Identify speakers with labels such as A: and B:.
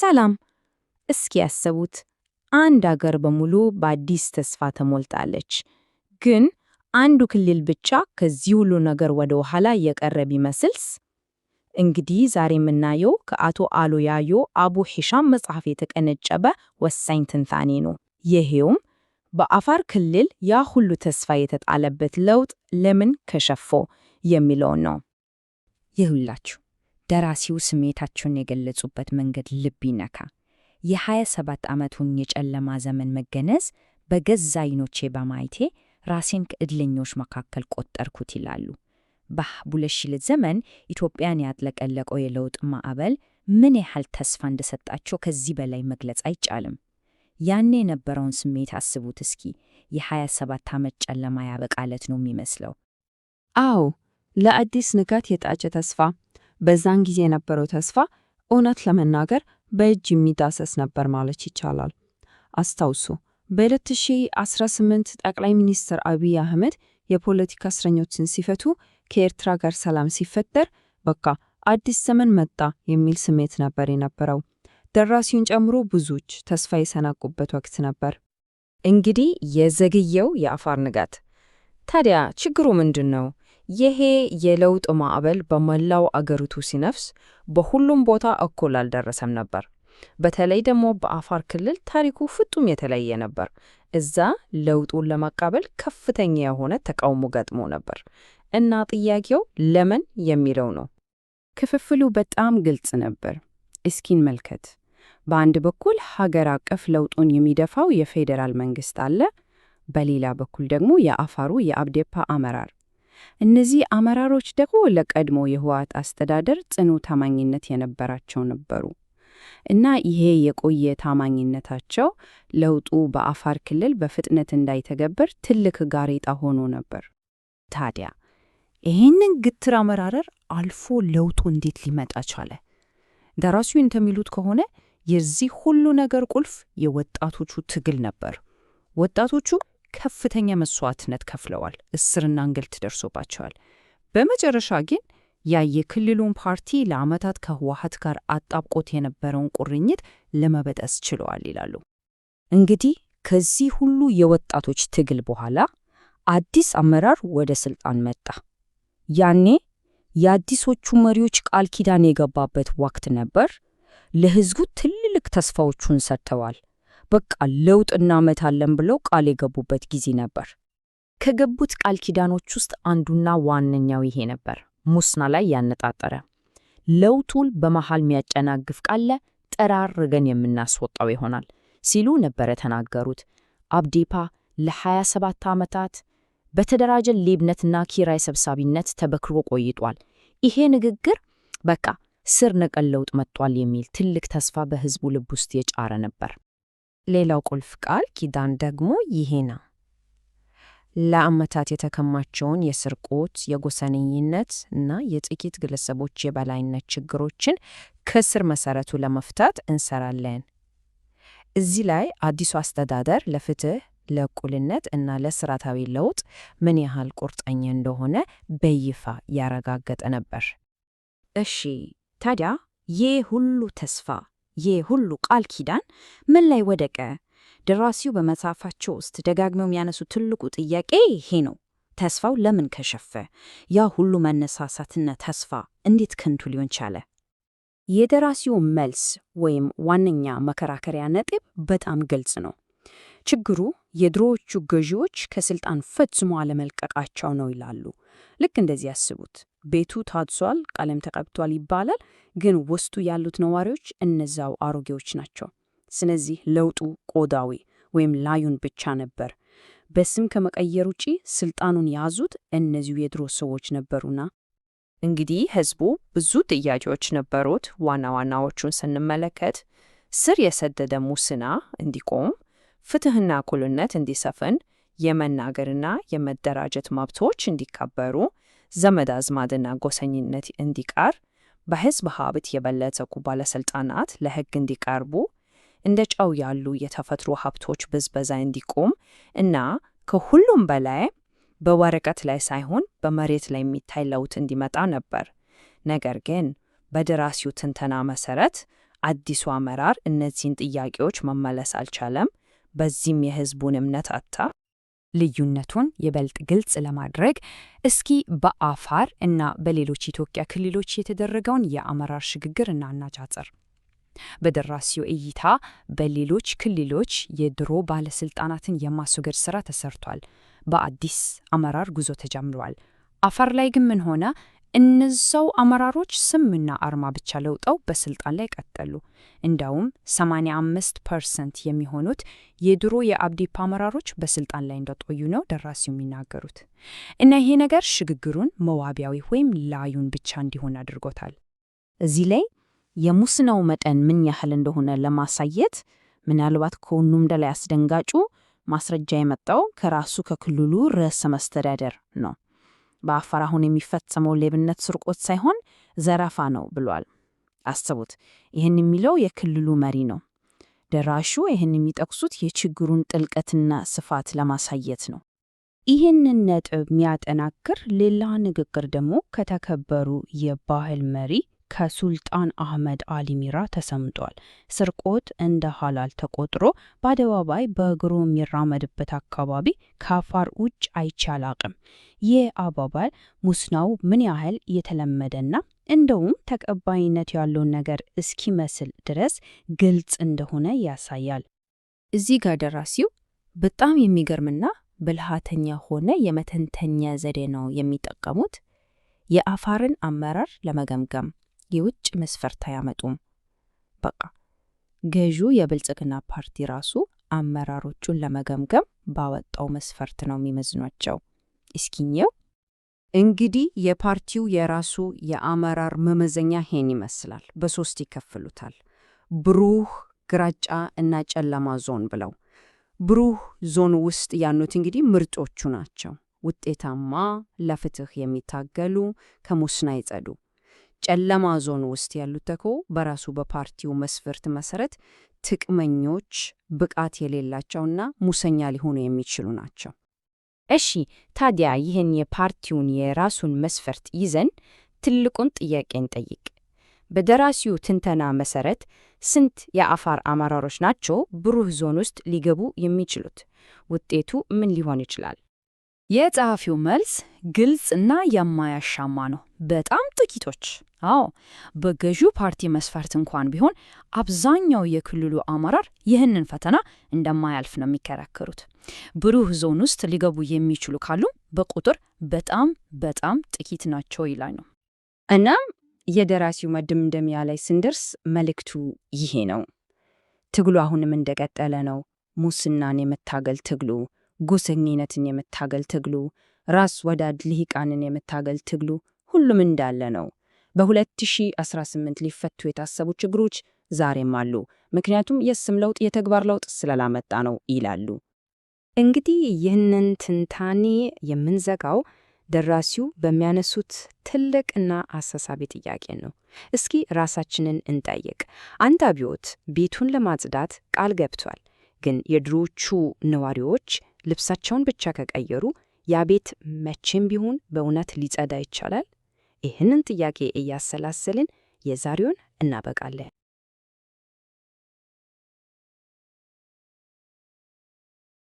A: ሰላም! እስኪ ያስቡት፣ አንድ አገር በሙሉ በአዲስ ተስፋ ተሞልታለች። ግን አንዱ ክልል ብቻ ከዚህ ሁሉ ነገር ወደ ኋላ እየቀረ ቢመስልስ? እንግዲህ ዛሬ የምናየው ከአቶ አሎ ያዮ አቡ ሒሻም መጽሐፍ የተቀነጨበ ወሳኝ ትንታኔ ነው። ይሄውም በአፋር ክልል ያ ሁሉ ተስፋ የተጣለበት ለውጥ ለምን ከሸፎ የሚለውን ነው። ይሁላችሁ። ደራሲው ስሜታቸውን የገለጹበት መንገድ ልብ ይነካ። የ27 ዓመቱን የጨለማ ዘመን መገነዝ በገዛ አይኖቼ በማየቴ ራሴን ከእድለኞች መካከል ቆጠርኩት ይላሉ። ባህ ቡለሽልት ዘመን ኢትዮጵያን ያጥለቀለቀው የለውጥ ማዕበል ምን ያህል ተስፋ እንደሰጣቸው ከዚህ በላይ መግለጽ አይቻልም። ያኔ የነበረውን ስሜት አስቡት እስኪ። የ27 ዓመት ጨለማ ያበቃለት ነው የሚመስለው።
B: አዎ፣ ለአዲስ ንጋት የጣጨ ተስፋ በዛን ጊዜ የነበረው ተስፋ እውነት ለመናገር በእጅ የሚዳሰስ ነበር ማለት ይቻላል። አስታውሱ በ2018 ጠቅላይ ሚኒስትር አብይ አህመድ የፖለቲካ እስረኞችን ሲፈቱ፣ ከኤርትራ ጋር ሰላም ሲፈጠር በቃ አዲስ ዘመን መጣ የሚል ስሜት ነበር የነበረው። ደራሲውን ጨምሮ ብዙዎች ተስፋ የሰናቁበት ወቅት ነበር።
A: እንግዲህ የዘግየው የአፋር ንጋት ታዲያ ችግሩ ምንድን ነው? ይሄ የለውጥ ማዕበል በመላው አገሪቱ ሲነፍስ በሁሉም ቦታ እኩል አልደረሰም ነበር። በተለይ ደግሞ በአፋር ክልል ታሪኩ ፍጹም የተለየ ነበር። እዛ ለውጡን ለመቀበል ከፍተኛ የሆነ ተቃውሞ ገጥሞ ነበር እና ጥያቄው ለምን የሚለው ነው። ክፍፍሉ በጣም ግልጽ ነበር። እስኪን መልከት በአንድ በኩል ሀገር አቀፍ ለውጡን የሚደፋው የፌዴራል መንግስት አለ፣ በሌላ በኩል ደግሞ የአፋሩ የአብዴፓ አመራር እነዚህ አመራሮች ደግሞ ለቀድሞ የህወሓት አስተዳደር ጽኑ ታማኝነት የነበራቸው ነበሩ እና ይሄ የቆየ ታማኝነታቸው ለውጡ በአፋር ክልል በፍጥነት እንዳይተገበር ትልቅ ጋሬጣ ሆኖ ነበር። ታዲያ ይህንን ግትር አመራረር አልፎ ለውጡ እንዴት ሊመጣ ቻለ? ደራሲው እንደሚሉት ከሆነ የዚህ ሁሉ ነገር ቁልፍ የወጣቶቹ ትግል ነበር። ወጣቶቹ ከፍተኛ መስዋዕትነት ከፍለዋል፣ እስርና እንግልት ደርሶባቸዋል። በመጨረሻ ግን ያ የክልሉን ፓርቲ ለዓመታት ከህወሀት ጋር አጣብቆት የነበረውን ቁርኝት ለመበጠስ ችለዋል ይላሉ። እንግዲህ ከዚህ ሁሉ የወጣቶች ትግል በኋላ አዲስ አመራር ወደ ስልጣን መጣ። ያኔ የአዲሶቹ መሪዎች ቃል ኪዳን የገባበት ወቅት ነበር። ለህዝቡ ትልልቅ ተስፋዎቹን ሰጥተዋል። በቃ ለውጥ እናመጣለን ብለው ቃል የገቡበት ጊዜ ነበር። ከገቡት ቃል ኪዳኖች ውስጥ አንዱና ዋነኛው ይሄ ነበር፣ ሙስና ላይ ያነጣጠረ። ለውጡን በመሃል የሚያጨናግፍ ቃለ ጠራርገን የምናስወጣው ይሆናል ሲሉ ነበረ ተናገሩት። አብዴፓ ለ27 ዓመታት በተደራጀ ሌብነትና ኪራይ ሰብሳቢነት ተበክሮ ቆይቷል። ይሄ ንግግር በቃ ስር ነቀል ለውጥ መጥቷል የሚል ትልቅ ተስፋ በህዝቡ ልብ ውስጥ የጫረ ነበር። ሌላው ቁልፍ ቃል ኪዳን ደግሞ ይሄ ነው። ለአመታት የተከማቸውን የስርቆት፣ የጎሰንኝነት እና የጥቂት ግለሰቦች የበላይነት ችግሮችን ከስር መሰረቱ ለመፍታት እንሰራለን። እዚህ ላይ አዲሱ አስተዳደር ለፍትህ፣ ለእኩልነት እና ለስርዓታዊ ለውጥ ምን ያህል ቁርጠኛ እንደሆነ በይፋ ያረጋገጠ ነበር። እሺ ታዲያ ይህ ሁሉ ተስፋ ይህ ሁሉ ቃል ኪዳን ምን ላይ ወደቀ? ደራሲው በመጽሐፋቸው ውስጥ ደጋግመው የሚያነሱ ትልቁ ጥያቄ ይሄ ነው። ተስፋው ለምን ከሸፈ? ያ ሁሉ መነሳሳትና ተስፋ እንዴት ከንቱ ሊሆን ቻለ? የደራሲው መልስ ወይም ዋነኛ መከራከሪያ ነጥብ በጣም ግልጽ ነው። ችግሩ የድሮዎቹ ገዢዎች ከስልጣን ፈጽሞ አለመልቀቃቸው ነው ይላሉ። ልክ እንደዚህ ያስቡት። ቤቱ ታድሷል፣ ቀለም ተቀብቷል ይባላል። ግን ውስጡ ያሉት ነዋሪዎች እነዛው አሮጌዎች ናቸው። ስለዚህ ለውጡ ቆዳዊ ወይም ላዩን ብቻ ነበር። በስም ከመቀየር ውጪ ስልጣኑን ያዙት እነዚሁ የድሮ ሰዎች ነበሩና። እንግዲህ ህዝቡ ብዙ ጥያቄዎች ነበሩት። ዋና ዋናዎቹን ስንመለከት ስር የሰደደ ሙስና እንዲቆም፣ ፍትህና እኩልነት እንዲሰፍን፣ የመናገርና የመደራጀት መብቶች እንዲከበሩ ዘመድ አዝማድና ጎሰኝነት እንዲቀር በህዝብ ሀብት የበለጸጉ ባለስልጣናት ለህግ እንዲቀርቡ እንደ ጨው ያሉ የተፈጥሮ ሀብቶች ብዝበዛ እንዲቆም እና ከሁሉም በላይ በወረቀት ላይ ሳይሆን በመሬት ላይ የሚታይ ለውጥ እንዲመጣ ነበር። ነገር ግን በደራሲው ትንተና መሰረት አዲሱ አመራር እነዚህን ጥያቄዎች መመለስ አልቻለም። በዚህም የህዝቡን እምነት አጣ። ልዩነቱን ይበልጥ ግልጽ ለማድረግ እስኪ በአፋር እና በሌሎች ኢትዮጵያ ክልሎች የተደረገውን የአመራር ሽግግር እናነጻጽር። በደራሲው እይታ በሌሎች ክልሎች የድሮ ባለስልጣናትን የማስወገድ ስራ ተሰርቷል፣ በአዲስ አመራር ጉዞ ተጀምሯል። አፋር ላይ ግን ምን ሆነ? እነዛው አመራሮች ስምና አርማ ብቻ ለውጠው በስልጣን ላይ ቀጠሉ። እንዳውም 85 ፐርሰንት የሚሆኑት የድሮ የአብዲፓ አመራሮች በስልጣን ላይ እንደቆዩ ነው ደራሲው የሚናገሩት። እና ይሄ ነገር ሽግግሩን መዋቢያዊ ወይም ላዩን ብቻ እንዲሆን አድርጎታል። እዚህ ላይ የሙስናው መጠን ምን ያህል እንደሆነ ለማሳየት ምናልባት ከሁሉም በላይ አስደንጋጩ ማስረጃ የመጣው ከራሱ ከክልሉ ርዕሰ መስተዳደር ነው። በአፋር አሁን የሚፈጸመው ሌብነት ስርቆት ሳይሆን ዘረፋ ነው ብሏል። አስቡት! ይህን የሚለው የክልሉ መሪ ነው። ደራሹ ይህን የሚጠቅሱት የችግሩን ጥልቀትና ስፋት ለማሳየት ነው። ይህንን ነጥብ የሚያጠናክር ሌላ ንግግር ደግሞ ከተከበሩ የባህል መሪ ከሱልጣን አህመድ አሊ ሚራ ተሰምጧል። ስርቆት እንደ ሀላል ተቆጥሮ በአደባባይ በእግሩ የሚራመድበት አካባቢ ከአፋር ውጭ አይቼ አላቅም። ይህ አባባል ሙስናው ምን ያህል የተለመደና እንደውም ተቀባይነት ያለውን ነገር እስኪመስል ድረስ ግልጽ እንደሆነ ያሳያል። እዚህ ጋር ደራሲው በጣም የሚገርምና ብልሃተኛ ሆነ የመተንተኛ ዘዴ ነው የሚጠቀሙት የአፋርን አመራር ለመገምገም የውጭ መስፈርት አያመጡም። በቃ ገዢው የብልጽግና ፓርቲ ራሱ አመራሮቹን ለመገምገም ባወጣው መስፈርት ነው የሚመዝኗቸው። እስኪኘው እንግዲህ የፓርቲው የራሱ የአመራር መመዘኛ ሄን ይመስላል። በሶስት ይከፍሉታል። ብሩህ፣ ግራጫ እና ጨለማ ዞን ብለው ብሩህ ዞን ውስጥ ያኑት እንግዲህ ምርጦቹ ናቸው። ውጤታማ፣ ለፍትህ የሚታገሉ፣ ከሙስና ይጸዱ። ጨለማ ዞን ውስጥ ያሉት ተኮ በራሱ በፓርቲው መስፈርት መሰረት ጥቅመኞች፣ ብቃት የሌላቸውና ሙሰኛ ሊሆኑ የሚችሉ ናቸው። እሺ ታዲያ ይህን የፓርቲውን የራሱን መስፈርት ይዘን ትልቁን ጥያቄ እንጠይቅ። በደራሲው ትንተና መሰረት ስንት የአፋር አመራሮች ናቸው ብሩህ ዞን ውስጥ ሊገቡ የሚችሉት? ውጤቱ ምን ሊሆን ይችላል? የጸሐፊው መልስ ግልጽና የማያሻማ ነው። በጣም ጥቂቶች አዎ፣ በገዢው ፓርቲ መስፈርት እንኳን ቢሆን አብዛኛው የክልሉ አመራር ይህንን ፈተና እንደማያልፍ ነው የሚከራከሩት። ብሩህ ዞን ውስጥ ሊገቡ የሚችሉ ካሉ በቁጥር በጣም በጣም ጥቂት ናቸው ነው። እናም የደራሲው መደምደሚያ ላይ ስንደርስ መልእክቱ ይሄ ነው። ትግሉ አሁንም እንደቀጠለ ነው። ሙስናን የመታገል ትግሉ ጉሰኝነትን የመታገል ትግሉ፣ ራስ ወዳድ ልሂቃንን የመታገል ትግሉ ሁሉም እንዳለ ነው። በ2018 ሊፈቱ የታሰቡ ችግሮች ዛሬም አሉ፣ ምክንያቱም የስም ለውጥ የተግባር ለውጥ ስላላመጣ ነው ይላሉ። እንግዲህ ይህንን ትንታኔ የምንዘጋው ደራሲው በሚያነሱት ትልቅና አሳሳቢ ጥያቄ ነው። እስኪ ራሳችንን እንጠይቅ። አንድ አብዮት ቤቱን ለማጽዳት ቃል ገብቷል፣ ግን የድሮቹ ነዋሪዎች ልብሳቸውን ብቻ ከቀየሩ ያ ቤት መቼም ቢሆን በእውነት ሊጸዳ ይቻላል? ይህንን ጥያቄ እያሰላሰልን የዛሬውን እናበቃለን።